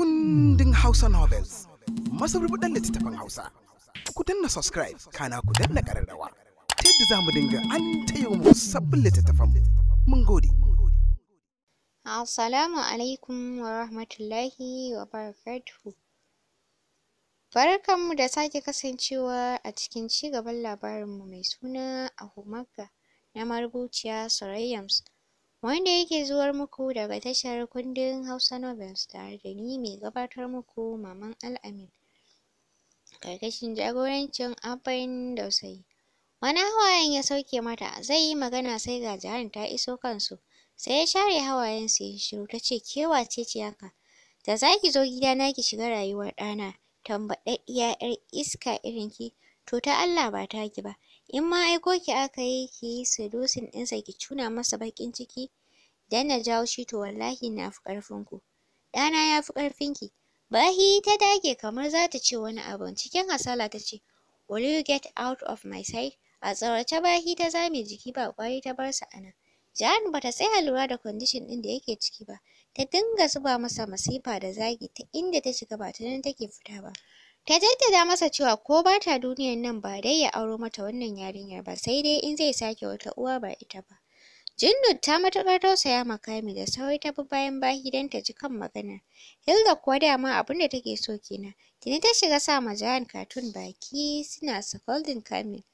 kundin Hausa Novels, masarubuɗan littattafan Hausa. Ku danna subscribe, kana ku danna ƙararrawa. Ta yadda za mu dinga an tayo mu sabbin littattafan mun gode. Assalamu alaikum wa rahmatullahi wa barakatuhu. Barkanmu da sake kasancewa a cikin ci gaban labarinmu mai suna Ahumagga na marubuciya Surayya Ms. wanda yake zuwar muku daga tashar kundin Hausa Novels tare da ni mai gabatar muku Maman Al'amin. Karkashin jagorancin Abin Dausayi. Wani hawayen ya sauke mata, zai yi magana sai ga jarin ta iso kansu. Sai ya share hawayen su ya shiru ta ce ke wace ce haka? Da za ki zo na ki shiga rayuwar ɗana, tambaɗaɗɗiya 'yar iska irin ki, to ta Allah ba ki ba. in ma aiko ki aka yi ki yi seducing ɗinsa ki cuna masa baƙin ciki dan na jawo shi to wallahi na fi ƙarfin ku ɗana ya fi ƙarfin ki Bahi ta dage kamar za ta ce wani abun cikin hasala ta ce will you get out of my sight a tsorace Bahi ta zame jiki ba ƙwari ta bar sa a nan Jihar ba ta tsaya lura da kwandishin ɗin da yake ciki ba ta dinga zuba masa masifa da zagi ta inda ta shiga ba ta nan take fita ba Ta jaddada masa cewa ko ba ta duniyar nan ba dai ya auro mata wannan yarinyar ba sai dai in zai sake wata uwa ba ita ba. jinnu ta matuƙar tausaya ma Kami da sauri ta bi bayan bahi don ta ji kan magana. Hilda kuwa dama abin da take so kenan. Tuni ta shiga sa ma Jahan katun baki suna scolding Kami.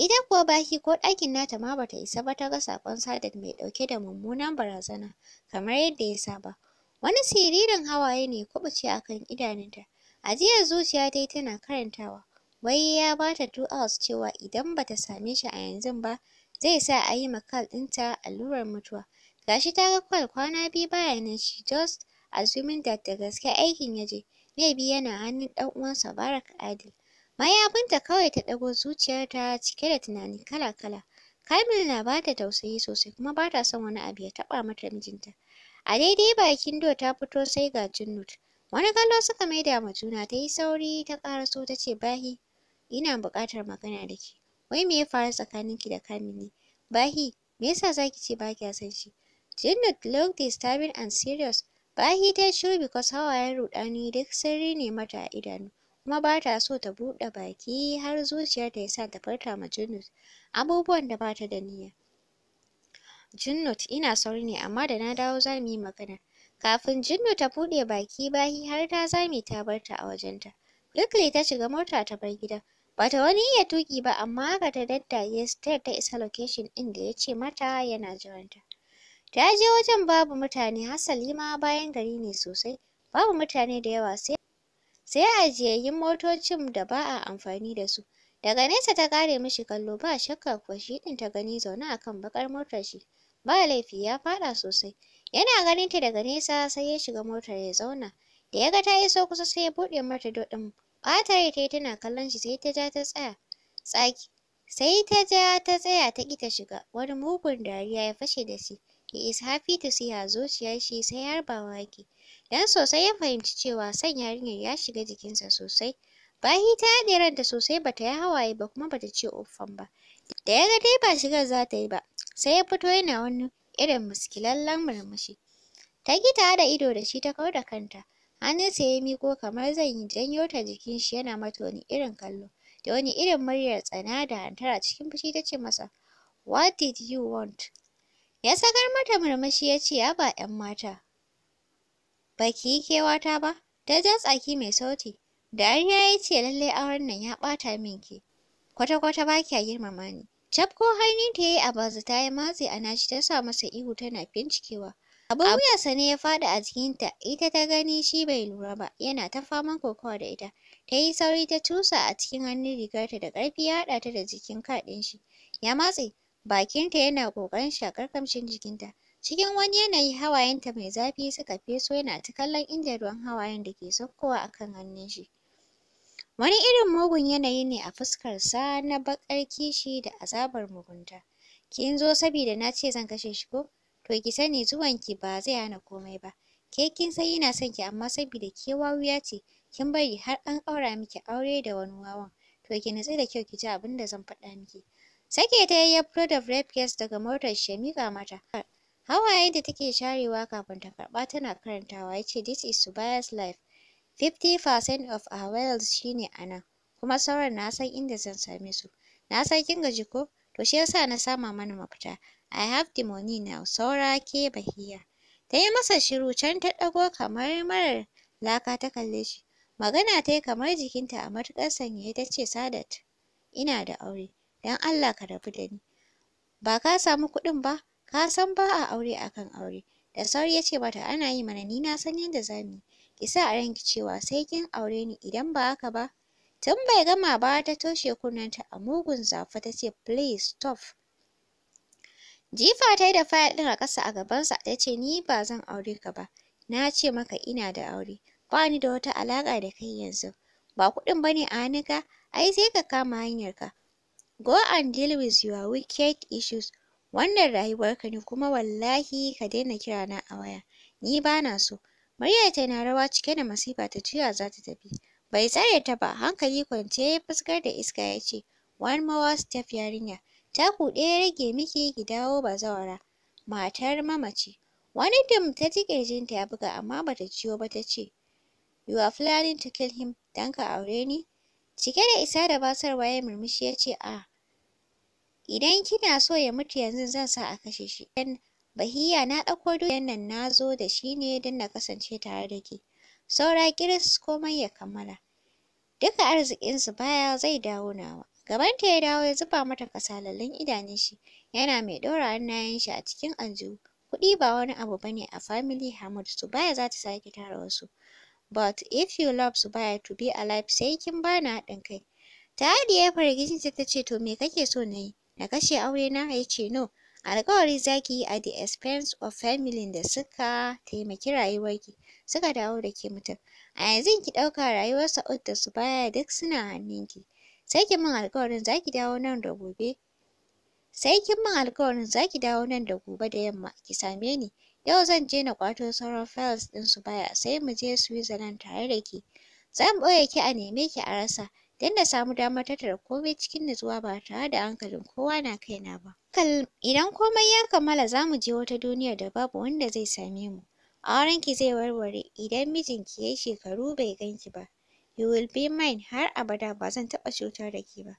Ita kuwa baki ko ɗakin nata ma bata isa ba ta ga saƙon sadar mai ɗauke da mummunan barazana kamar yadda ya saba. Wani siririn hawaye ne ya kuɓuce a kan idanunta Ajiyar zuciya dai tana karantawa. Wai ya ba ta two cewa idan ba ta same shi a yanzu ba, zai sa a yi ma Carl ɗinta allurar mutuwa. Ga shi ta ga Carl kwana biyu baya nan shi. Jos, assuming that da gaske aikin ya je. Maybe yana hannun ɗan uwansa Barak Adil. Mayafinta kawai ta ɗago zuciyarta cike da tunani kala-kala. Kamil na ba ta tausayi sosai kuma ba ta son wani abu ya taɓa mata mijinta. A daidai bakin do ta fito sai ga Junud. Wani kallo suka maida ma juna ta yi sauri ta ƙaraso ta ce Bahi ina buƙatar magana da ke. Wai me ya faru tsakaninki da Kamil Bahi me yasa za ki ce ba kya son shi? long looked disturbing and serious. Bahi ta shiru because hawayen ruɗani duk sirri ne mata a idanu. kuma ba ta so ta buɗe baki har zuciyarta ya sa ta furta ma Junnut abubuwan da bata da niyya. Junnut ina sauri ne amma da na dawo za mu yi magana. Kafin Jinnu ta buɗe baki bayi har ta zame ta bar ta a wajenta. Luckily ta shiga mota ta bar gida Bata wani iya tuƙi ba amma haka ta daddaye stayar ta isa location ɗin da ya ce mata yana jiranta. Ta je wajen babu mutane hasali ma bayan gari ne sosai. Babu mutane da yawa sai sai ajiyayyun motocin da ba a amfani da su. Daga nesa ta ƙare mishi kallo ba shakka kuwa shi ɗin ta gani zaune akan kan baƙar motar shi. Ba laifi ya faɗa sosai. Yana ganin ta daga nesa sai ya shiga motar ya zauna. Da ya ga ta iso kusa sai ya buɗe mata do ɗin. Ɓata ta yi tana kallon shi sai ta ja ta tsaya. Tsaki. Sai ta ja ta tsaya ta ƙi ta shiga. Wani mugun dariya ya fashe da shi. He is happy to see her zuciyar shi sai wa yake. Dan sosai ya fahimci cewa son yarinyar ya shiga jikinsa sosai. Bahi ta haɗe ranta sosai ba ta yi hawaye ba kuma ba ta ce uffam ba. Da ya ga dai ba shigar za ta yi ba, sai ya fito yana wani irin muskilallen murmushi. Ta ƙi ta haɗa ido da shi ta kau da kanta. Hannunsa ya miƙo kamar zan yi janyo ta jikin shi yana mata wani irin kallo. Da wani irin muryar tsana da hantara cikin fushi ta ce masa, What did you want? Ya sakar mata murmushi ya ce, Yaba ‘yan mata, ba ki yi kewata ba? Ta ja tsaki mai sauti. Da Dariya ya ce, Lallai auren nan ya ɓata min ki. Kwata-kwata ba kya girmama ni. Cafko hannun ta yi a bazu ta yi matse a nashi ta sa masa ihu tana bincikewa. Abin wuyarsa ne ya faɗi a jikinta, ita ta gani shi bai lura ba, yana ta faman kokawa da ita. Ta yi sauri ta tusa a cikin hannun rigarta da ƙarfi ya haɗa ta da jikin ɗin shi. Ya matse, bakinta yana ƙoƙarin shakar kamshin jikinta. Cikin wani yanayi hawayenta mai zafi suka feso yana ta kallon inda ruwan hawayen da ke saukowa a kan hannun shi. Wani irin mugun yanayi ne a fuskarsa na baƙar kishi da azabar mugunta. Kin zo saboda na ce zan kashe shi ko? To ki sani zuwanki ba zai hana komai ba. Ke kin san yana son ki amma saboda ke wawiya ce, kin bari har an ƙaura miki aure da wani wawan. To ki nutsu da kyau ki ji abin da zan faɗa miki. Sake ta ya fito da briefcase daga motar shi ya miƙa mata. Hawayen da take sharewa kafin ta karɓa tana karantawa ya ce this is Subaya's life. 50% of our wealth shine a nan, kuma sauran na san inda zan same su. Na san kin gaji ko? To shi yasa na sama mana mafita. I have the money now, saura ke bahiya. Ta yi masa shiru can ta ɗago kamar marar laka ta kalle shi. Magana ta yi kamar jikinta a matuƙar sanye ta ce Sadat, ina da aure, don Allah ka rabu da ni. Ba ka samu kuɗin ba, ka san ba a aure akan aure. Da sauri ya ce mata ana yi mana ni na san yadda za mu yi. ki sa a ranki cewa sai kin aure ni idan ba haka ba tun bai gama ba ta toshe kunnenta a mugun zafi ta ce please stop jifa ta yi da fayil ɗin a ƙasa a gabansa ta ce ni ba zan aure ka ba na ce maka ina da aure ba ni da wata alaƙa da kai yanzu ba kuɗin ba ne a hannunka ai sai ka kama hanyar ka. go and deal with your wicked issues wannan rayuwarka ne kuma wallahi ka daina kirana a waya ni ba na so Muryarta na rawa cike da masifa ta juya za ta tafi. Bai tsare ta ba, hankali kwance ya fuskar da iska ya ce, One more step yarinya, taku ɗaya rage miki ki dawo bazawara. Matar mamaci. Wani dum ta ji ƙirjinta ya buga amma bata ciwo ba ta ce, You are planning to kill him, don ka aure ni? Cike da isa da basarwa ya murmushi ya ce, A, ah, idan kina so ya mutu yanzu zan sa a kashe shi. Bahiya na ɗauko doyan nan na zo da shi ne don na kasance tare da ke. Saura ƙiris komai ya kammala. Duka arzikinsu baya zai dawo nawa. Gabanta ya dawo ya zuba mata kasalallun idanun shi, yana mai ɗora hannayen shi a cikin aljihu. Kuɗi ba wani abu ba ne a family Hamad Subaya za ta sake tara wasu. But if you love Subaya to be alive sai kin na haɗin kai. Ta haɗiye firgicinta ta ce to me kake so na yi? Na kashe aure na? Ya ce no. Alƙawari za ki yi a the expense of family da suka taimaki rayuwarki, suka dawo da ke mutum. A yanzu ki ɗauka rayuwar Sa'ud da baya duk suna hannunki. Sai kin min alƙawarin za ki dawo nan da gobe. Sai kin min alƙawarin za ki dawo nan da gobe da yamma ki same ni. Yau zan je na ƙwato sauran files ɗin su baya sai mu je Switzerland tare da ke. Za mu ɓoye ki a neme ki a rasa don na samu damar tattara komai cikin nutsuwa ba tare da hankalin kowa na kaina ba. idan komai ya kammala za mu je wata duniyar da babu wanda zai same mu. Aurenki zai warware idan mijinki ya yi shekaru bai ganki ba. You will be mine har abada ba zan taɓa cutar da ke ba.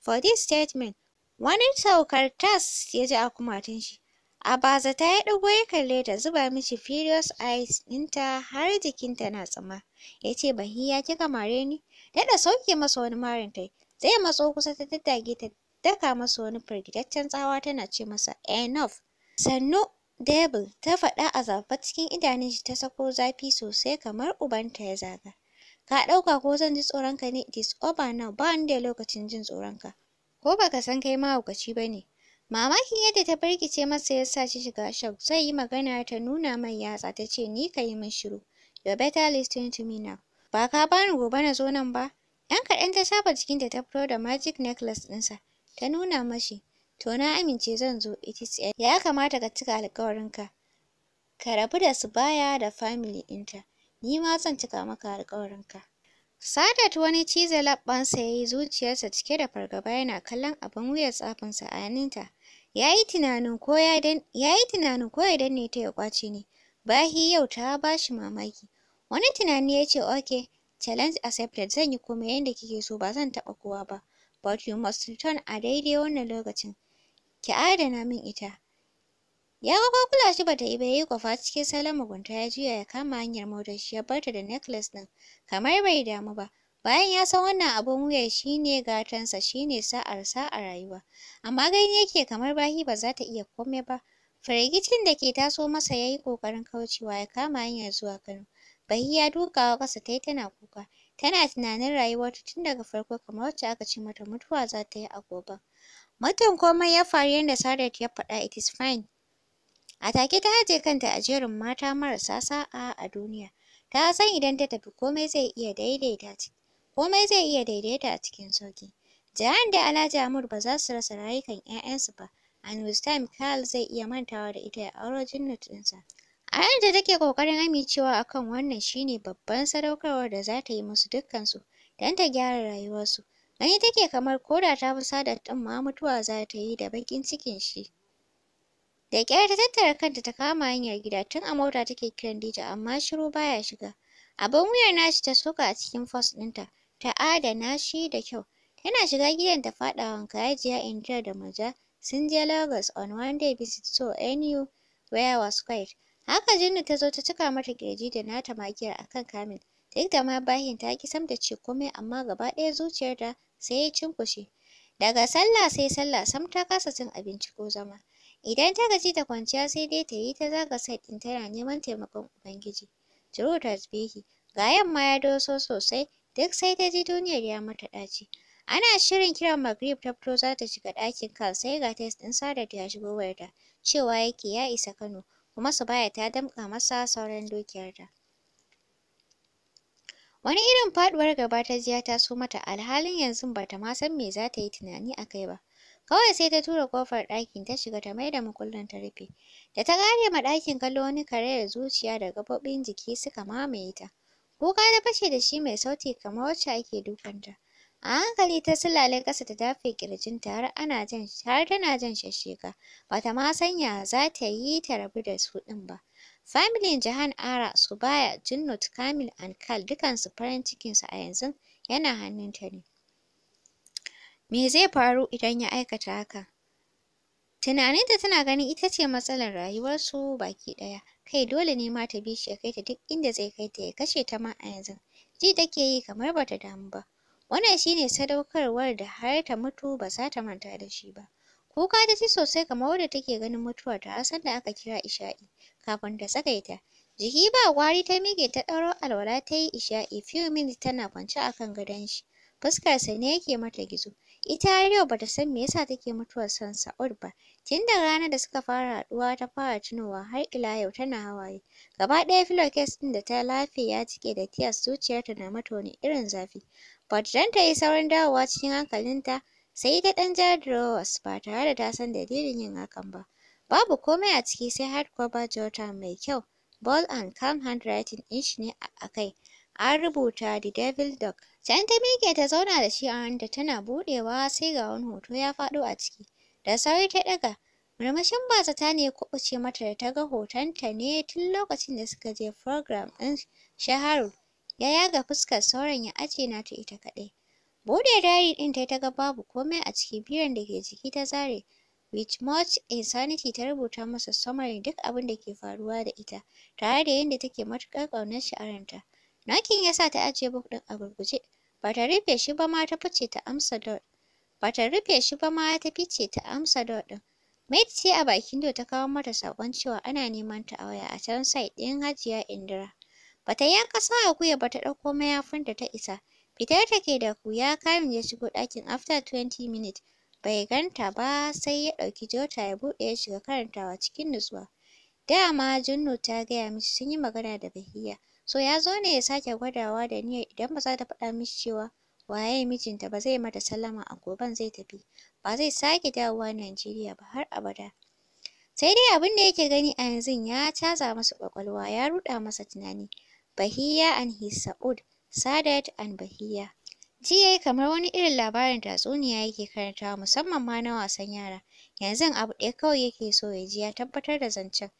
For this statement, wani saukar tas ya ji a kumatun shi. A ta ya ɗago ya kalle ta zuba mishi furious eyes ɗinta har jikinta na tsima. Ya ce, Bahiya kika mare ni? Daɗa sauke masa wani marin tai. Zai matso kusa ta daddage ta daka masa wani firgitaccen tsawa tana ce masa enough sannu Devil ta faɗa a zafa cikin idanun shi ta sako zafi sosai kamar ubanta ya zaga. Ka ɗauka ko zan ji tsoronka ne it is over now ba ni da lokacin jin tsoronka. Ko baka san kai mahaukaci ba ne. Mamakin yadda ta ce masa ya sa shi shiga shock zai yi magana ta nuna mai yatsa ta ce ni ka yi min shiru. You better listen to me now. Ba ka bani gobe na zo nan ba. ‘Yan kaɗan ta shafa jikinta ta fito da magic necklace ɗinsa. ta nuna mashi to na amince zan zo ita etc ya kamata ka cika alƙawarinka ka rabu da su baya da family ɗinta ni ma zan cika maka ka. Sadat wani cize labbansa ya yi zuciyarsa cike da fargaba yana kallon abin wuyar tsafinsa a hannunta ya yi tunanin ko ya tunanin danne ta ya kwace ne bahi yau ta ba shi mamaki wani tunani ya ce okay challenge accepted zan yi komai yadda kike so ba zan taɓa kowa ba But you must return a daidai wannan lokacin. Ki adana min ita. Ya ga kwakula shi bata yi ba yayi kwafa cikin salon mugunta ya juya ya kama hanyar motar shi ya barta da necklace ɗin kamar bai damu ba. Bayan ya san wannan abun wuyan shi ne gatansa shi ne sa'arsa a rayuwa. Amma gani yake kamar Bahi ba za ta iya komai ba. Firgicin da ke taso masa ya yi ƙoƙarin kaucewa ya kama hanyar zuwa Kano. Bahi ya dukawa ƙasa ta tana kuka. Tana tunanin rayuwarta tun daga farko kamar wacce aka ce mata mutuwa za ta yi a gobe. Muddin komai ya faru yadda Sadat ya faɗa it is fine. A take ta ajiye kanta a jerin mata marasa sa'a a duniya. Ta san idan ta tafi komai zai iya daidaita komai zai iya daidaita a cikin sauƙi. Jahan da Alhaji Amur ba za su rasa rayukan 'ya'yansu ba, and with time Kayal zai iya mantawa da ita ya auro Junnat ɗinsa. A take ƙoƙarin amincewa a kan wannan shine babban sadaukarwar da za ta yi musu dukkansu don ta gyara rayuwarsu. Gani take kamar ko da ta fi Sadat ɗin ma mutuwa za ta yi da baƙin cikin shi. Da ƙyar ta tattara kanta ta kama hanyar gida tun a mota take kiran Dija amma shiru baya shiga. Abin wuyar nashi ta soka a cikin fos ɗinta ta adana shi da kyau. Tana shiga gidan ta faɗa wa Hajiya Indira da Murja sun je Lagos on one day visit so anywhere was quiet. Haka Jinnu ta zo ta cika mata ƙirji da nata magiyar a kan kamin, Duk da ma bahin ta ki sam da ce komai amma gaba ɗaya zuciyar ta sai ya cunkushe. Daga sallah sai sallah sam ta kasa cin abinci ko zama. Idan ta gaji da kwanciya sai dai ta yi ta zaga side ɗin tana neman taimakon Ubangiji. Ciro tasbihi. Ga yamma ya doso sosai duk sai ta ji duniyar ya mata ɗaci. Ana shirin kiran Magrib ta fito za ta shiga ɗakin Kal sai ga test ɗin Sadat ya shigo wayarta cewa yake ya isa Kano. kuma baya ta damƙa masa sauran dukiyarta. Wani irin faɗuwar gaba ta jiya ta so mata alhalin yanzu ba ta ma san me za ta yi tunani a kai ba. Kawai sai ta tura ƙofar ɗakin ta shiga ta maida makullin ta rufe. Da ta gare ma ɗakin kallo wani karayar zuciya da gaɓoɓin jiki suka mamaye ta. Kuka ta fashe da shi mai sauti kamar wacce ake dukanta. A hankali ta sulale ƙasa ta dafe ƙirjinta har ana jan har tana jan shashsheka. Bata ma sanya za ta yi ta rabu da su ɗin ba. Familin Jahan Ara, Subaya, Junnut, Kamil and Kal dukansu farin cikinsu a yanzu yana hannunta ne. Me zai faru idan ya aikata haka? Tunaninta tana ganin ita ce matsalar rayuwarsu baki ɗaya. Kai dole ne ma ta bi shi kai ta duk inda zai kai ta ya kashe ta ma a yanzu. Ji take yi kamar bata damu ba. Wannan shi ne sadaukarwar da har ta mutu ba za ta manta da shi ba. Kuka ta ci sosai kamar wadda take ganin mutuwar ta har da aka kira isha'i kafin ta tsagaita. Jiki ba gwari ta miƙe ta ɗauro alwala ta yi isha'i few minutes tana kwance a kan gadon shi. sa ne yake mata gizo. Ita har yau bata san me yasa take mutuwar son Sa'ud ba. Tun da ranar da suka fara haɗuwa ta fara tunowa har ila yau tana hawaye. Gaba ɗaya pillowcase ɗin da ta lafe ya jiƙe da tears zuciyarta na mata wani irin zafi. But don tayi yi saurin dawowa cikin hankalinta sai ta ɗan ja drawers ba tare da ta san dalilin yin hakan ba. Babu komai a ciki sai cover jotter mai kyau. Ball and calm handwriting ɗin shi ne a kai. an rubuta The Devil Dog. Can ta miƙe ta zauna da shi a hannunta tana buɗewa sai ga wani hoto ya faɗo a ciki. Da sauri ta ɗaga. Murmushin zata ne ya kuɓuce mata da ta ga hotonta ne tun lokacin da suka je program ɗin Shaharu. Ya yaga fuskar sauran ya ajiye nata ita kaɗai. Buɗe dari ɗin tai ta ga babu komai a ciki biran da ke jiki ta zare. With much insanity ta rubuta masa summary duk abin da ke faruwa da ita, tare da yadda take matuƙar ƙaunar shi a ranta. Nakin ya sa ta ajiye book din a gurguje, ba ta rufe shi ba ma ta fice ta amsa door. Ba ta rufe shi ba ma ta fice ta amsa door ɗin. Maid ce a bakin do ta kawo mata sakon cewa ana neman ta a waya a can sai din Hajiya Indira. Ba ta yanka sa akuya ba ta ɗauko mayafin da ta isa. Fitar take da ku kuya kayan ya shigo dakin, after twenty minutes. Bai ganta ba sai ya dauki jota ya bude ya shiga karantawa cikin nutsuwa. Dama Junnu ta gaya mishi sun yi magana da Bahiya. So ya zo ne ya sake gwadawa da niyyar idan ba za ta faɗa mishi cewa waye mijinta ba zai mata sallama a goben zai tafi. Ba zai sake dawowa Najeriya ba har abada. Sai dai abin da yake gani a yanzu ya caza masa kwakwalwa, ya ruɗa masa tunani. Bahiya and his Sa'ud, Sadat and Bahiya. Jiya yayi kamar wani irin labarin tatsuniya yake karantawa musamman ma na wasan yara. Yanzu abu ɗaya kawai yake so ya ji ya tabbatar da zancen.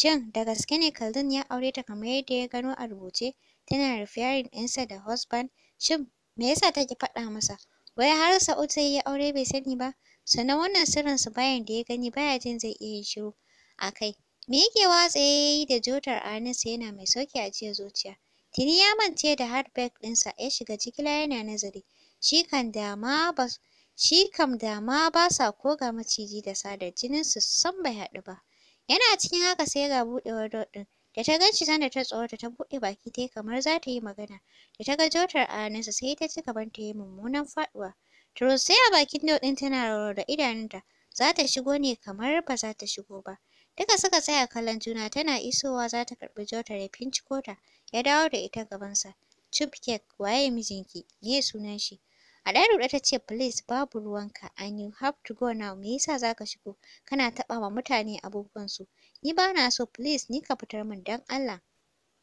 Shin da gaske ne Khaldun ya aure ta kamar yadda ya gano a rubuce? Tana referring ɗinsa da husband. Shin me yasa take faɗa masa? Wai har Sa'ud zai yi aure bai sani ba? Sannan wannan sirrin su bayan da ya gani baya jin zai iya yin shiru a kai. Me yake watsa yi da jotar a sa yana mai sauƙi ajiyar zuciya. Tuni ya mance da handbag ɗinsa ya shiga jigila yana nazari. Shi kam da ba shi kam da ba sa ko ga maciji da sadar jininsu sam bai haɗu ba. Yana cikin haka sai ga buɗewar door ɗin. Da ta gan shi sanda ta tsorata ta buɗe baki ta yi kamar za ta yi magana. Da ta ga jotar a hannunsa sai ta ci gaban ta yi mummunan faɗuwa. Turus sai a bakin door ɗin tana rawar da idanunta. Za ta shigo ne kamar ba za ta shigo ba. Duka suka tsaya kallon juna tana isowa za ta karɓi jotar ya finciko ta. Ya dawo da ita gabansa. Chupcake waye mijinki? Me sunan shi? A ɗaya ta ce, please babu ruwanka and you have to go now, me yasa za shigo? Kana taɓa ma mutane abubuwan su Ni ba na so, please ni ka fitar min dan Allah.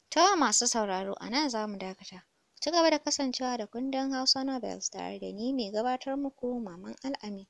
Tawa masu sauraro, a nan za dakata. Ci gaba da kasancewa da kundin Hausa Novels tare da ni mai gabatar muku Maman Al'amin.